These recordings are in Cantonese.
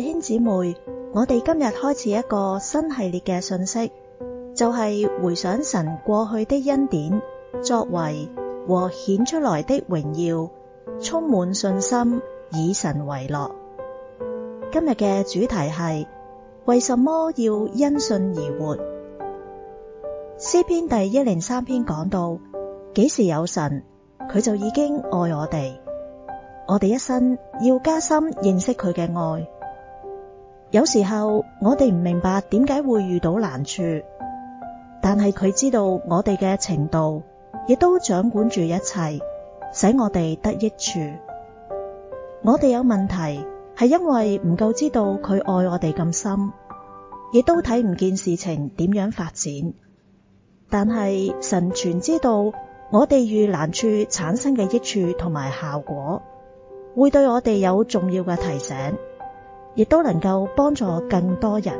弟兄姊妹，我哋今日開始一個新系列嘅信息，就係、是、回想神過去的恩典、作為和顯出來的榮耀，充滿信心，以神為樂。今日嘅主題係為什麼要因信而活？詩篇第一零三篇講到，幾時有神，佢就已經愛我哋。我哋一生要加深認識佢嘅愛。有時候我哋唔明白點解會遇到難處，但係佢知道我哋嘅程度，亦都掌管住一切，使我哋得益處。我哋有問題，係因為唔夠知道佢愛我哋咁深，亦都睇唔見事情點樣發展。但係神全知道我哋遇難處產生嘅益處同埋效果，會對我哋有重要嘅提醒。亦都能夠幫助更多人，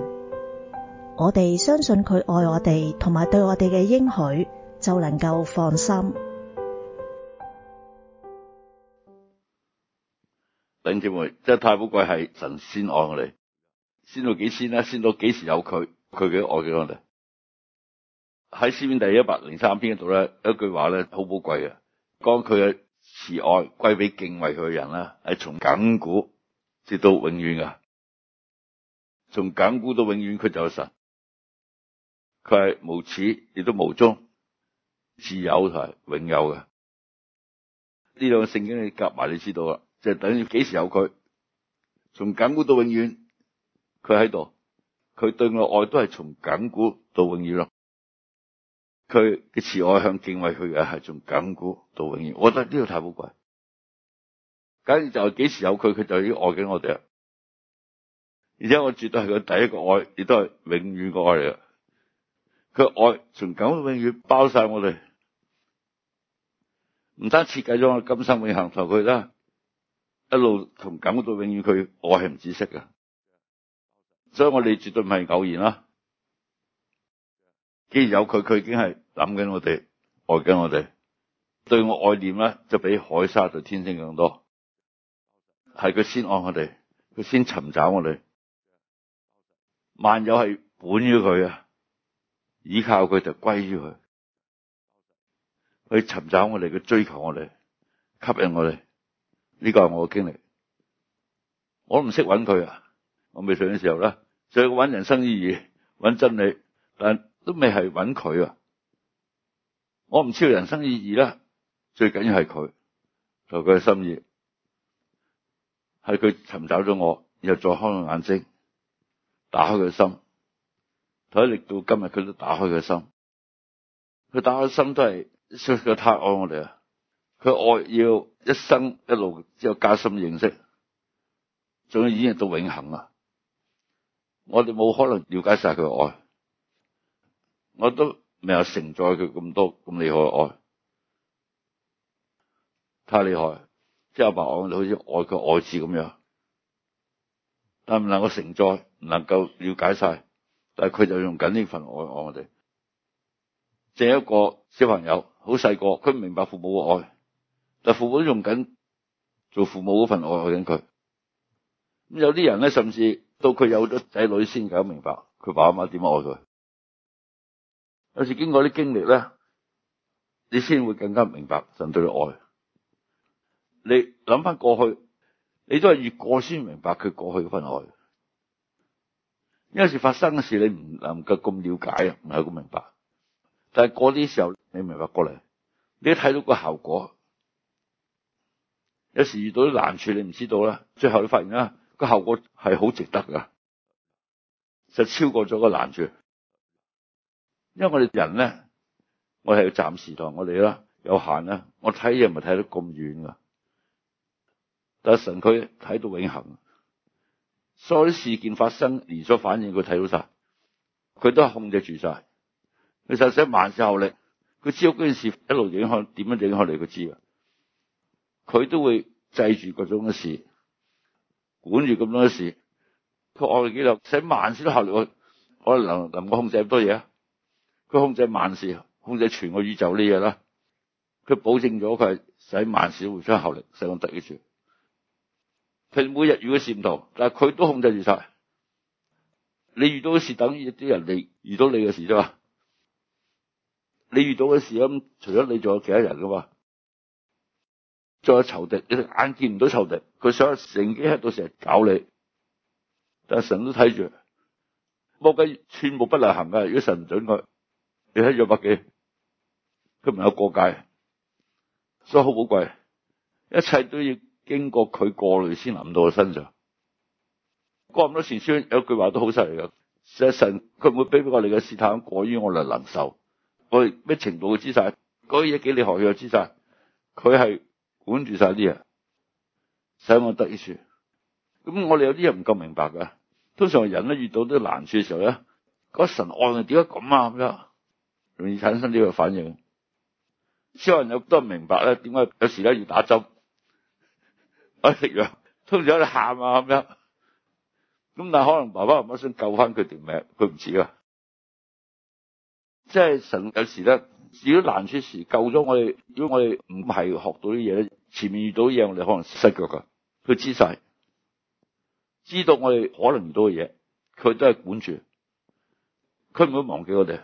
我哋相信佢愛我哋，同埋對我哋嘅應許就能夠放心。弟兄姊妹，即係太寶貴係神先愛我哋，先到幾先咧？先到幾時有佢？佢幾愛嘅我哋喺詩篇第一百零三篇度咧，一句話咧好寶貴呀，講佢嘅慈愛歸俾敬畏佢嘅人啦，係從亙古直到永遠噶。從亙古到永遠，佢就係神，佢係無始亦都無終，自有同係永有嘅。呢兩個聖經你夾埋，你知道啦，就是、等於幾時有佢，從亙古到永遠，佢喺度，佢對我愛都係從亙古到永遠咯。佢嘅慈愛向敬畏佢嘅係從亙古到永遠。我覺得呢個太寶貴，簡直就係幾時有佢，佢就已經愛緊我哋啦。而且我絕對係佢第一個愛，亦都係永遠嘅愛嚟嘅。佢愛從亙古到永遠包晒我哋，唔單設計咗我今生永恒同佢啦，一路從亙古到永遠，佢愛係唔止息嘅。所以我哋絕對唔係偶然啦，既然有佢，佢已經係諗緊我哋，愛緊我哋，對我愛念咧就比海沙對天星更多。係佢先愛我哋，佢先尋找我哋。萬有係本於佢啊，依靠佢就歸於佢，佢尋找我哋，佢追求我哋，吸引我哋。呢、這個係我嘅經歷，我唔識揾佢啊！我未信嘅時候咧，就去揾人生意義，揾真理，但都未係揾佢啊！我唔知道人生意義啦，最緊要係佢，就佢、係、嘅心意，係佢尋找咗我，然後再開我眼睛。打開佢心，睇嚟，到今日佢都打開佢心。佢打開心都係說佢太愛我哋啊！佢愛要一生一路之後加深認識，仲要已經到永恆啊！我哋冇可能了解晒佢嘅愛，我都未有承載佢咁多咁厲害嘅愛，太厲害！即係阿爸我哋好似愛佢愛字咁樣，但唔能夠承載。能夠了解晒，但係佢就用緊呢份愛愛我哋。正一個小朋友好細個，佢唔明白父母嘅愛，但父母都用緊做父母嗰份愛愛緊佢。咁有啲人咧，甚至到佢有咗仔女先搞明白佢爸爸媽媽點愛佢。有時經過啲經歷咧，你先會更加明白神對你愛。愛。你諗翻過去，你都係越過先明白佢過去嘅份愛。有時發生嘅事你唔能夠咁了解啊，唔係咁明白。但係嗰啲時候你明白過嚟，你一睇到個效果。有時遇到啲難處，你唔知道啦，最後你發現啦，個效果係好值得噶，就超過咗個難處。因為我哋人咧，我係要暫時當我哋啦，有限啦，我睇嘢咪睇得咁遠噶，但係神佢睇到永恒。所有啲事件發生，連鎖反應他看到，佢睇到晒，佢都係控制住晒。佢就使萬事效力，佢知道嗰件事一路影響，點樣影響你佢知啊。佢都會制住各種嘅事，管住咁多事。佢按幾多使萬事都效力，我可能能夠控制咁多嘢啊？佢控制萬事，控制全個宇宙呢嘢啦。佢保證咗佢係使萬事互相效力，使我得益處。佢每日遇嘅事唔同，但係佢都控制住晒。你遇到嘅事等於啲人哋你遇到你嘅事啫嘛。你遇到嘅事咁，除咗你仲有其他人噶嘛，仲有仇敵。你眼見唔到仇敵，佢想乘機喺度成日搞你，但係神都睇住。魔鬼寸步不能行噶，如果神唔准佢，你喺約伯記，佢唔有過界，所以好寶貴，一切都要。經過佢過濾先臨到我身上過。哥林多前書有一句話都好犀利嘅，即係神佢唔唔會俾我哋嘅試探過於我哋能受？我哋咩程度嘅姿勢，嗰嘢幾厲害嘅姿勢，佢係管住晒啲嘢，使我得意處。咁我哋有啲人唔夠明白㗎。通常人咧遇到啲難處嘅時候咧，嗰神啊點解咁啊？咁易產生呢個反應。有人有都明白咧，點解有時咧要打針。我食藥，通常喺度喊啊咁樣，咁但係可能爸爸媽媽想救翻佢條命，佢唔知啊，即係神有時咧，如果難處時救咗我哋，如果我哋唔係學到啲嘢咧，前面遇到嘢我哋可能失腳噶，佢知晒，知道我哋可能遇到嘅嘢，佢都係管住，佢唔會忘記我哋。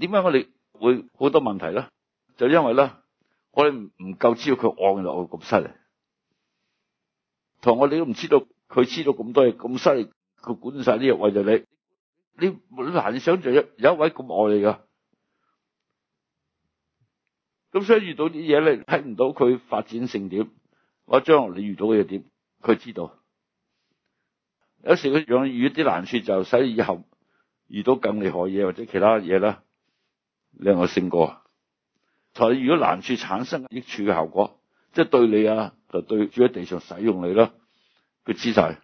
點解我哋會好多問題咧？就因為咧。我哋唔夠知道佢愛落去咁犀利，同我哋都唔知道佢知道咁多嘢咁犀利，佢管晒呢一位就你，你難想象有有一位咁愛你噶，咁所以遇到啲嘢你睇唔到佢發展成點，或將來你遇到嘅嘢點，佢知道，有時佢養魚啲難處就使以後遇到更厲害嘢或者其他嘢啦，你有冇勝過？啊。如果難處產生益處嘅效果，即係對你啊，就對住喺地上使用你咯嘅姿態。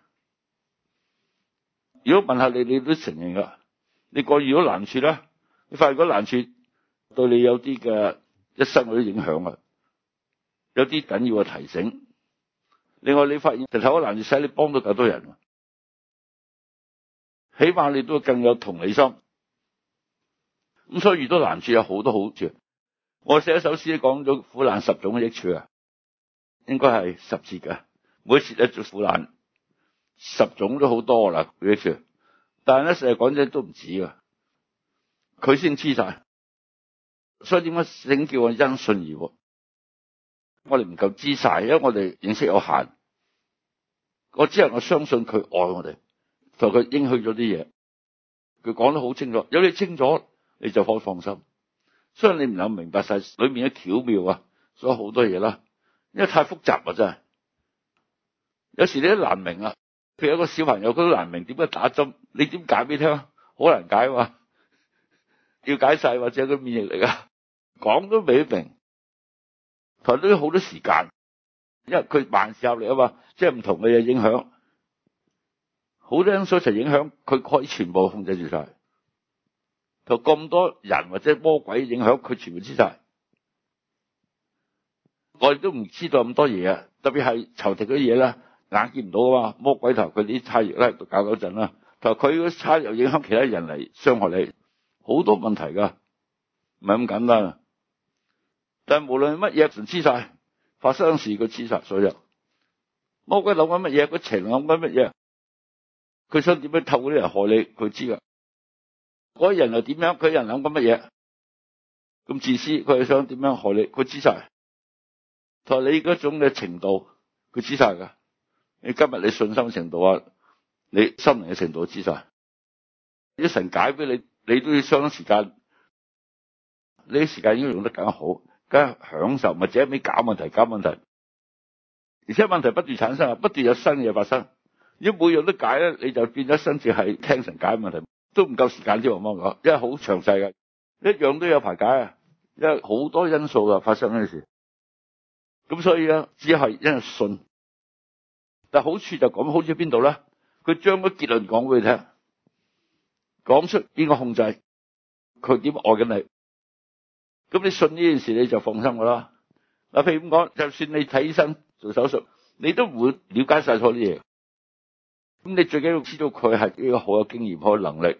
如果問下你，你都承認噶。你過如果難處呢？你發現嗰難處對你有啲嘅一生嗰啲影響啊，有啲緊要嘅提醒。另外你發現，其實嗰難處使你幫到更多人，起碼你都更有同理心。咁所以遇到難處有好多好處。我寫一首詩，講咗苦難十種嘅益處啊，應該係十節㗎。每次咧做苦難十種都好多啦，益處。但係咧成日講嘅都唔止噶，佢先知晒，所以點解請叫我因信而活？我哋唔夠知晒，因為我哋認識有限。我只係我相信佢愛我哋，就佢應許咗啲嘢，佢講得好清楚，有你清楚你就可以放心。雖然你唔能明白晒裏面嘅巧妙啊，所以好多嘢啦，因為太複雜啊，真係。有時你都難明啊，譬如一個小朋友佢都難明點解打針，你點解俾聽啊？好難解啊，要解晒或者佢免疫力啊，講都未明。同都好多時間，因為佢萬事入嚟啊嘛，即係唔同嘅嘢影響，好多因素就影響佢可以全部控制住晒。就咁多人或者魔鬼影響佢全部知晒，我哋都唔知道咁多嘢啊！特別係仇敵嗰啲嘢咧，眼見唔到啊嘛。魔鬼頭佢啲差役咧，搞搞震啦。就佢嗰差又影響其他人嚟傷害你，好多問題噶，唔係咁簡單啊！但係無論乜嘢，全知晒發生事，佢知晒所有魔鬼諗緊乜嘢，佢情諗緊乜嘢，佢想點樣透過啲人害你，佢知噶。嗰個人又點樣？佢人諗緊乜嘢？咁自私，佢係想點樣害你？佢知晒。同你嗰種嘅程度，佢知晒噶。你今日你信心程度啊，你心靈嘅程度，佢知晒。如神解俾你，你都要相當時間。你啲時間應該用得更加好，更享受，或者係一味搞問題，搞問題。而且問題不斷產生，不斷有新嘢發生。如果每樣都解咧，你就變咗新，至係聽神解問題。都唔夠時間添，我啱講，因為好詳細嘅，一樣都有排解啊，因為好多因素啊發生呢件事，咁所以呀，只係因為信，但好處就咁，好處喺邊度咧？佢將啲結論講俾你聽，講出邊個控制，佢點愛緊你，咁你信呢件事你就放心噶啦。嗱，譬如咁講，就算你睇醫生做手術，你都會了解晒所有嘢。咁你最緊要是知道佢係呢個好有經驗、好有能力，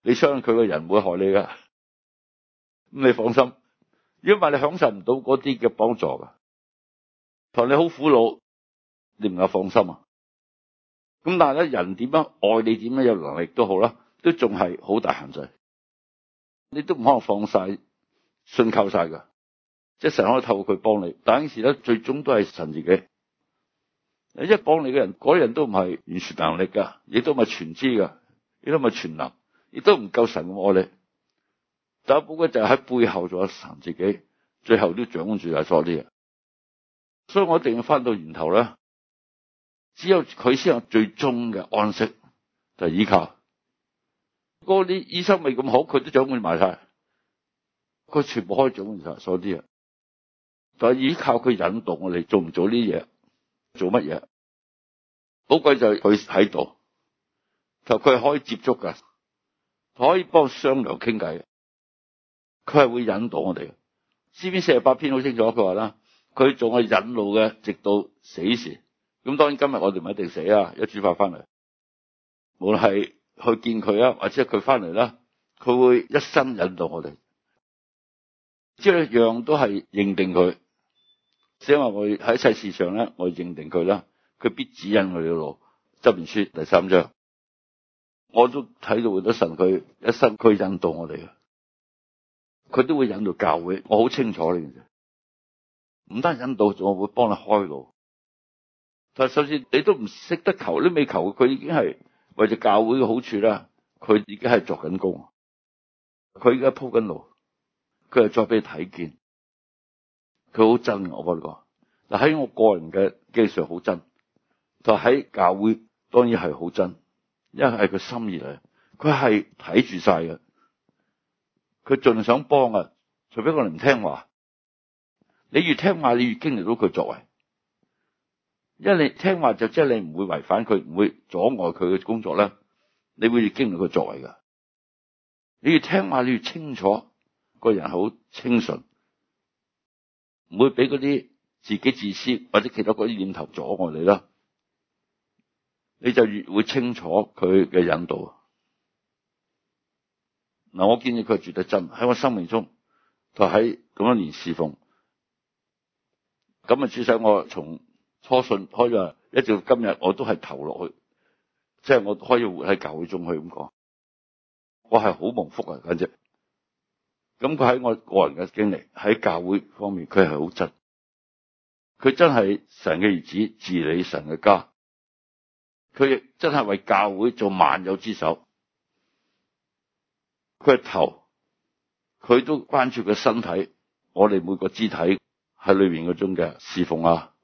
你相信佢個人會害你噶，咁你放心，因為你享受唔到嗰啲嘅幫助噶，同你好苦惱，你唔夠放心啊。咁但係咧，人點樣愛你，點樣有能力都好啦，都仲係好大限制，你都唔可能放晒信靠晒噶，即係神可以透過佢幫你，但係呢件事咧，最終都係神自己。一幫你嘅人，嗰人都唔係完全能力噶，亦都唔係全知噶，亦都唔係全能，亦都唔夠神咁愛你。大部分就喺背後做神自己，最後都掌管住曬所有嘢。所以我一定要翻到源頭咧，只有佢先有最終嘅安息，就係、是、依靠。嗰啲醫生未咁好，佢都掌管埋晒，佢全部可以掌管曬所有嘢，就係依靠佢引導我哋做唔做呢嘢，做乜嘢。寶貴就佢喺度，就佢係可以接觸噶，可以幫商量傾偈，佢係會引導我哋。詩篇四十八篇好清楚，佢話啦，佢仲係引路嘅，直到死時。咁當然今日我哋唔一定死啊，一主法翻嚟，無論係去見佢啊，或者佢翻嚟啦，佢會一生引導我哋，即係一樣都係認定佢。所以話我喺一切事上咧，我認定佢啦。佢必指引我哋嘅路，箴言書第三章，我都睇到好多神，佢一生佢引導我哋啊，佢都會引導教會，我好清楚呢件事。唔單引導，仲會幫你開路。但係首先你都唔識得求，你未求，佢已經係為咗教會嘅好處啦。佢已經係作緊工，佢而家鋪緊路，佢係再俾你睇見，佢好真啊！我嗰個嗱喺我個人嘅基礎上好真。就喺教會，當然係好真，因為係佢心意嚟。佢係睇住曬嘅，佢盡想幫啊！除非我哋唔聽話，你越聽話，你越經歷到佢作為。因為你聽話就即係你唔會違反佢，唔會阻礙佢嘅工作咧。你會越經歷佢作為嘅。你越聽話，你越清楚個人好清純，唔會俾嗰啲自己自私或者其他嗰啲念頭阻礙你啦。你就越會清楚佢嘅引導。嗱，我建議佢係絕對真，喺我生命中，就喺咁多年侍奉，咁啊，致使我從初信開咗，一直到今日，我都係投落去，即係我可以活喺教會中去咁講，我係好蒙福啊，簡直。咁佢喺我個人嘅經歷，喺教會方面，佢係好真，佢真係神嘅兒子，治理神嘅家。佢亦真係為教會做萬有之首，佢頭佢都關注佢身體，我哋每個肢體喺裏面嗰種嘅侍奉啊。